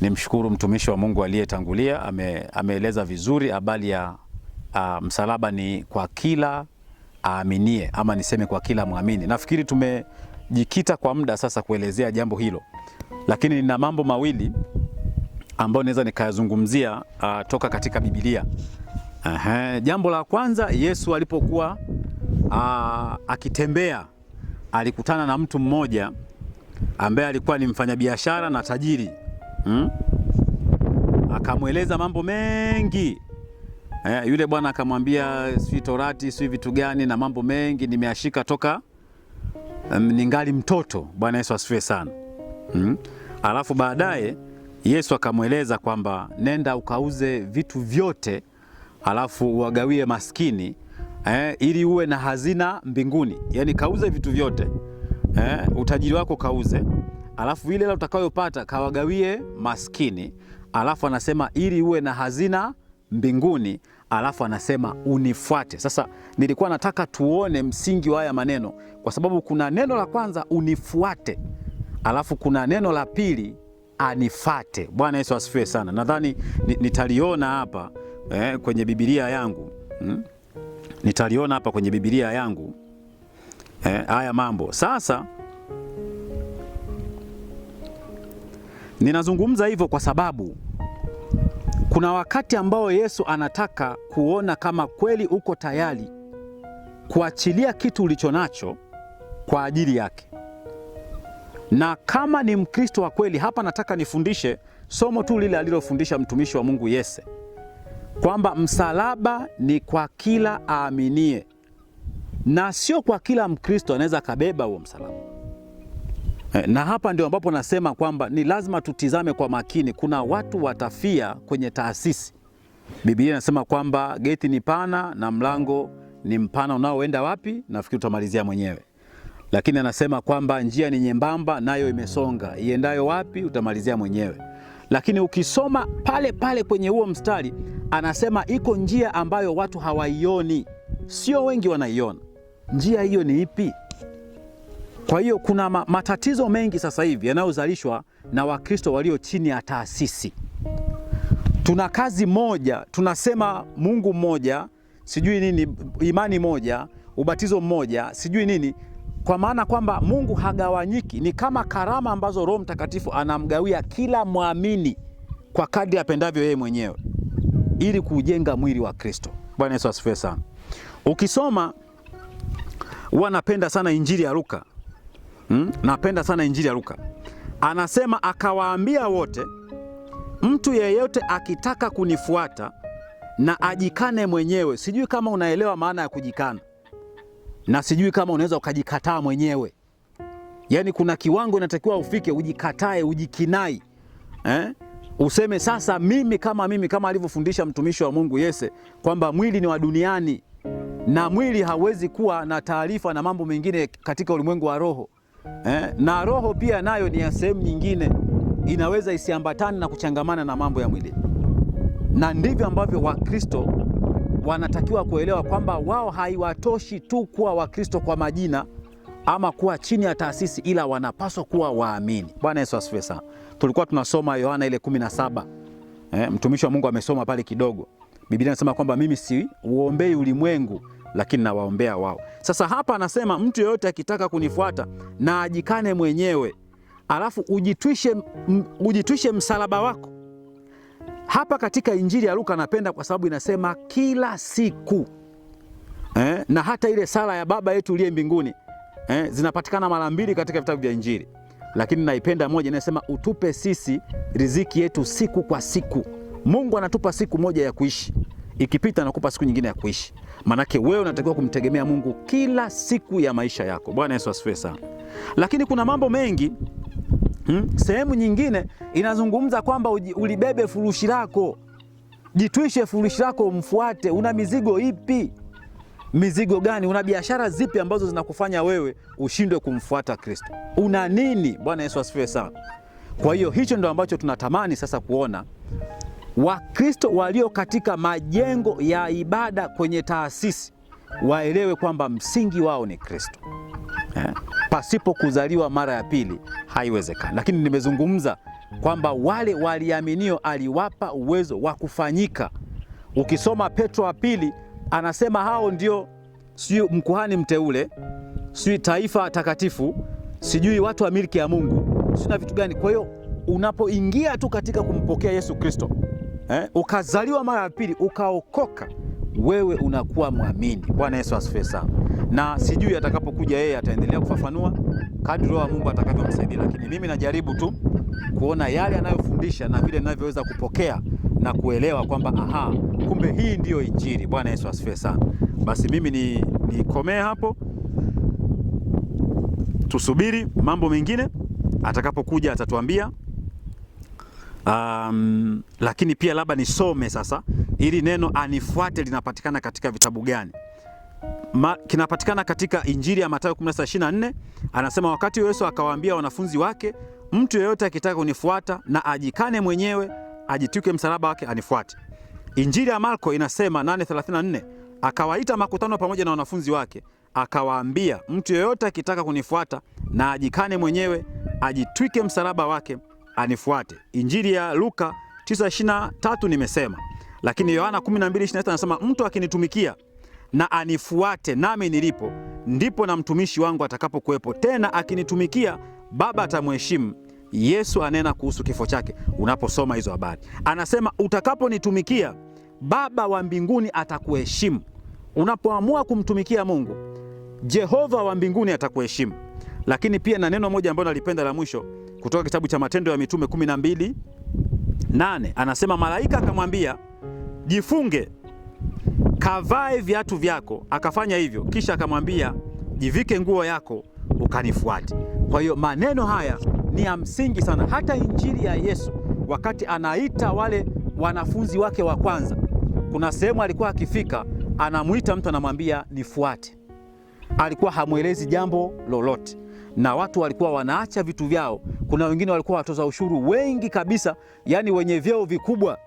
Nimshukuru mtumishi wa Mungu aliyetangulia ame, ameeleza vizuri habari ya a, msalaba ni kwa kila aaminie ama niseme kwa kila mwamini. Nafikiri tumejikita kwa muda sasa kuelezea jambo hilo, lakini nina mambo mawili ambayo naweza nikayazungumzia toka katika Biblia. Aha, jambo la kwanza, Yesu alipokuwa a, akitembea alikutana na mtu mmoja ambaye alikuwa ni mfanyabiashara na tajiri hmm? Akamweleza mambo mengi eh, yule bwana akamwambia sijui torati sijui vitu gani na mambo mengi nimeashika toka um, ningali mtoto. Bwana Yesu asifiwe sana hmm? Alafu baadaye Yesu akamweleza kwamba nenda ukauze vitu vyote alafu uwagawie maskini eh, ili uwe na hazina mbinguni. Yani kauze vitu vyote eh, utajiri wako kauze alafu ile hela utakayopata kawagawie maskini, alafu anasema ili uwe na hazina mbinguni, alafu anasema unifuate. Sasa nilikuwa nataka tuone msingi wa haya maneno, kwa sababu kuna neno la kwanza unifuate, alafu kuna neno la pili anifate. Bwana Yesu asifiwe sana. Nadhani nitaliona hapa eh, kwenye Biblia yangu hmm? nitaliona hapa kwenye Biblia yangu eh, haya mambo sasa Ninazungumza hivyo kwa sababu kuna wakati ambao Yesu anataka kuona kama kweli uko tayari kuachilia kitu ulicho nacho kwa ajili yake. Na kama ni Mkristo wa kweli, hapa nataka nifundishe somo tu lile alilofundisha mtumishi wa Mungu Yese kwamba msalaba ni kwa kila aaminie na sio kwa kila Mkristo anaweza akabeba huo msalaba. Eh, na hapa ndio ambapo nasema kwamba ni lazima tutizame kwa makini. Kuna watu watafia kwenye taasisi. Biblia inasema kwamba geti ni pana na mlango ni mpana unaoenda wapi? Nafikiri utamalizia mwenyewe, lakini anasema kwamba njia ni nyembamba nayo imesonga iendayo wapi? Utamalizia mwenyewe. Lakini ukisoma pale pale kwenye huo mstari, anasema iko njia ambayo watu hawaioni, sio wengi wanaiona. Njia hiyo ni ipi? Kwa hiyo kuna matatizo mengi sasa hivi yanayozalishwa na Wakristo walio chini ya taasisi. Tuna kazi moja, tunasema Mungu mmoja, sijui nini, imani moja, ubatizo mmoja, sijui nini, kwa maana kwamba Mungu hagawanyiki. Ni kama karama ambazo Roho Mtakatifu anamgawia kila mwamini kwa kadri apendavyo yeye mwenyewe ili kuujenga mwili wa Kristo. Bwana Yesu asifiwe sana. Ukisoma napenda sana Injili ya Luka Hmm? napenda sana Injili ya Luka anasema, akawaambia wote, mtu yeyote akitaka kunifuata na ajikane mwenyewe. Sijui kama unaelewa maana ya kujikana, na sijui kama unaweza ukajikataa mwenyewe. Yaani kuna kiwango inatakiwa ufike, ujikatae, ujikinai eh? Useme sasa, mimi kama mimi, kama alivyofundisha mtumishi wa Mungu Yese kwamba mwili ni wa duniani na mwili hauwezi kuwa na taarifa na mambo mengine katika ulimwengu wa roho eh? Na roho pia nayo ni ya sehemu nyingine, inaweza isiambatane na kuchangamana na mambo ya mwili, na ndivyo ambavyo Wakristo wanatakiwa kuelewa kwamba wao haiwatoshi tu kuwa Wakristo kwa majina ama kuwa chini ya taasisi, ila wanapaswa kuwa waamini. Bwana Yesu asifiwe sana. Tulikuwa tunasoma Yohana ile 17 eh, mtumishi wa Mungu amesoma pale kidogo. Biblia inasema kwamba mimi si uombei ulimwengu lakini nawaombea wao. Sasa hapa anasema mtu yeyote akitaka kunifuata na ajikane mwenyewe, alafu ujitwishe, ujitwishe msalaba wako. Hapa katika Injili ya Luka napenda kwa sababu inasema kila siku eh, na hata ile sala ya Baba yetu uliye mbinguni eh, zinapatikana mara mbili katika vitabu vya Injili, lakini naipenda moja inayosema utupe sisi riziki yetu siku kwa siku. Mungu anatupa siku moja ya kuishi, ikipita anakupa siku nyingine ya kuishi. Manake wewe unatakiwa kumtegemea Mungu kila siku ya maisha yako. Bwana Yesu asifiwe sana. Lakini kuna mambo mengi hmm? Sehemu nyingine inazungumza kwamba ulibebe furushi lako, jitwishe furushi lako, umfuate. Una mizigo ipi? Mizigo gani? Una biashara zipi ambazo zinakufanya wewe ushindwe kumfuata Kristo? Una nini? Bwana Yesu asifiwe sana. Kwa hiyo hicho ndo ambacho tunatamani sasa kuona Wakristo walio katika majengo ya ibada kwenye taasisi waelewe kwamba msingi wao ni Kristo eh. Pasipo kuzaliwa mara ya pili haiwezekani, lakini nimezungumza kwamba wale waliaminio aliwapa uwezo wa kufanyika. Ukisoma Petro wa pili anasema hao ndio sijui mkuhani mteule, sijui taifa takatifu, sijui watu wa milki ya Mungu, sijui na vitu gani. Kwa hiyo unapoingia tu katika kumpokea Yesu Kristo eh, ukazaliwa mara ya pili ukaokoka, wewe unakuwa mwamini. Bwana Yesu asifiwe sana, na sijui atakapokuja yeye ataendelea kufafanua kadri Roho wa Mungu atakavyomsaidia, lakini mimi najaribu tu kuona yale anayofundisha na vile ninavyoweza kupokea na kuelewa kwamba aha, kumbe hii ndiyo Injili. Bwana Yesu asifiwe sana. Basi mimi nikomee hapo, tusubiri mambo mengine atakapokuja atatuambia. Um, lakini pia labda nisome sasa ili neno anifuate linapatikana katika vitabu gani? Ma, kinapatikana katika Injili ya Mathayo 16:24 anasema, wakati Yesu akawaambia wanafunzi wake, mtu yeyote akitaka kunifuata na ajikane mwenyewe, ajitwike msalaba wake anifuate. Injili ya Marko inasema 8:34 akawaita makutano pamoja na wanafunzi wake, akawaambia, mtu yeyote akitaka kunifuata na ajikane mwenyewe, ajitwike msalaba wake anifuate. Injili ya Luka 9:23 nimesema, lakini Yohana 12:26 anasema mtu akinitumikia na anifuate, nami nilipo ndipo na mtumishi wangu atakapokuwepo, tena akinitumikia Baba atamheshimu. Yesu anena kuhusu kifo chake. Unaposoma hizo habari, anasema utakaponitumikia, Baba wa mbinguni atakuheshimu. Unapoamua kumtumikia Mungu, Jehova wa mbinguni atakuheshimu. Lakini pia na neno moja ambalo nalipenda la mwisho kutoka kitabu cha Matendo ya Mitume 12 8 anasema, malaika akamwambia, jifunge, kavae viatu vyako. Akafanya hivyo, kisha akamwambia, jivike nguo yako, ukanifuate. Kwa hiyo maneno haya ni ya msingi sana. Hata injili ya Yesu wakati anaita wale wanafunzi wake wa kwanza, kuna sehemu alikuwa akifika, anamwita mtu, anamwambia nifuate. Alikuwa hamwelezi jambo lolote na watu walikuwa wanaacha vitu vyao. Kuna wengine walikuwa watoza ushuru wengi kabisa, yani wenye vyeo vikubwa.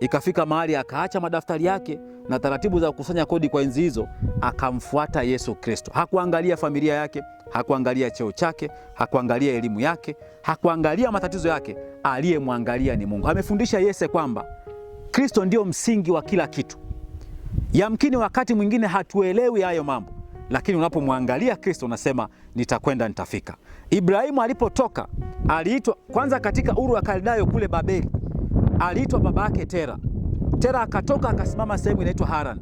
Ikafika mahali akaacha madaftari yake na taratibu za kukusanya kodi kwa enzi hizo, akamfuata Yesu Kristo. Hakuangalia familia yake, hakuangalia cheo chake, hakuangalia elimu yake, hakuangalia matatizo yake. Aliyemwangalia ni Mungu. Amefundisha Yese kwamba Kristo ndio msingi wa kila kitu. Yamkini wakati mwingine hatuelewi hayo mambo lakini unapomwangalia Kristo unasema nitakwenda, nitafika. Ibrahimu alipotoka aliitwa kwanza, katika Uru wa Kaldayo kule Babeli aliitwa baba yake Tera. Tera akatoka akasimama sehemu inaitwa Haran.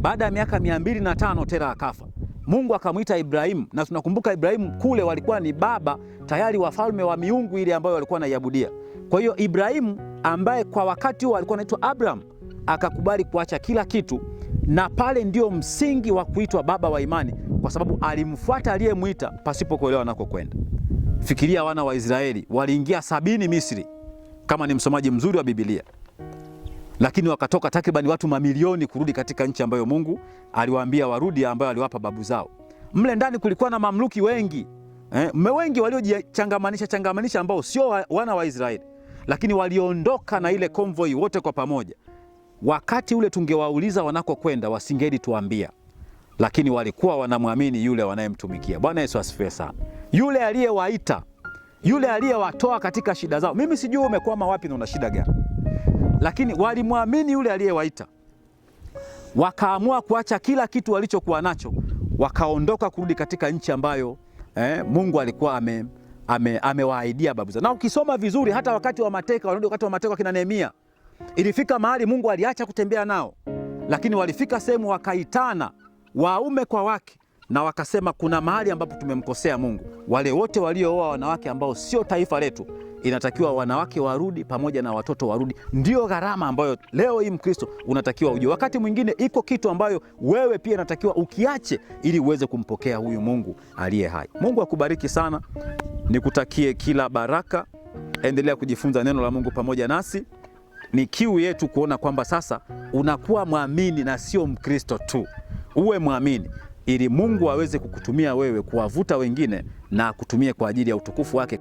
Baada ya miaka mia mbili na tano Tera akafa. Mungu akamwita Ibrahimu, na tunakumbuka Ibrahimu kule walikuwa ni baba tayari wafalme wa miungu ile ambayo walikuwa naiabudia. Kwa hiyo Ibrahimu ambaye kwa wakati huo alikuwa anaitwa Abraham akakubali kuacha kila kitu na pale ndio msingi wa kuitwa baba wa imani, kwa sababu alimfuata aliyemwita pasipo kuelewa anakokwenda. Fikiria wana wa Israeli waliingia sabini Misri, kama ni msomaji mzuri wa Biblia, lakini wakatoka takriban watu mamilioni kurudi katika nchi ambayo Mungu aliwaambia warudi, ambayo aliwapa babu zao. Mle ndani kulikuwa na mamluki wengi eh, mme wengi waliojichangamanisha changamanisha ambao sio wana wa Israeli, lakini waliondoka na ile konvoi wote kwa pamoja Wakati ule tungewauliza wanakokwenda wasingeli tuambia, lakini walikuwa wanamwamini yule wanayemtumikia. Bwana Yesu asifiwe sana. Yule aliyewaita, yule aliyewatoa katika shida zao. Mimi sijui umekwama wapi na una shida gani, lakini walimwamini yule aliyewaita, wakaamua kuacha kila kitu walichokuwa nacho, wakaondoka kurudi katika nchi ambayo eh, Mungu alikuwa ame amewaahidia ame babu zao. Na ukisoma vizuri hata wakati wa mateka, wakati wa mateka kina Nehemia Ilifika mahali Mungu aliacha kutembea nao, lakini walifika sehemu wakaitana waume kwa wake, na wakasema kuna mahali ambapo tumemkosea Mungu. Wale wote waliooa wanawake ambao sio taifa letu, inatakiwa wanawake warudi pamoja na watoto warudi. ndio gharama ambayo leo hii Mkristo unatakiwa ujue. Wakati mwingine iko kitu ambayo wewe pia inatakiwa ukiache, ili uweze kumpokea huyu Mungu aliye hai. Mungu akubariki sana, nikutakie kila baraka. Endelea kujifunza neno la Mungu pamoja nasi ni kiu yetu kuona kwamba sasa unakuwa mwamini na sio Mkristo tu, uwe mwamini ili Mungu aweze kukutumia wewe kuwavuta wengine na akutumie kwa ajili ya utukufu wake.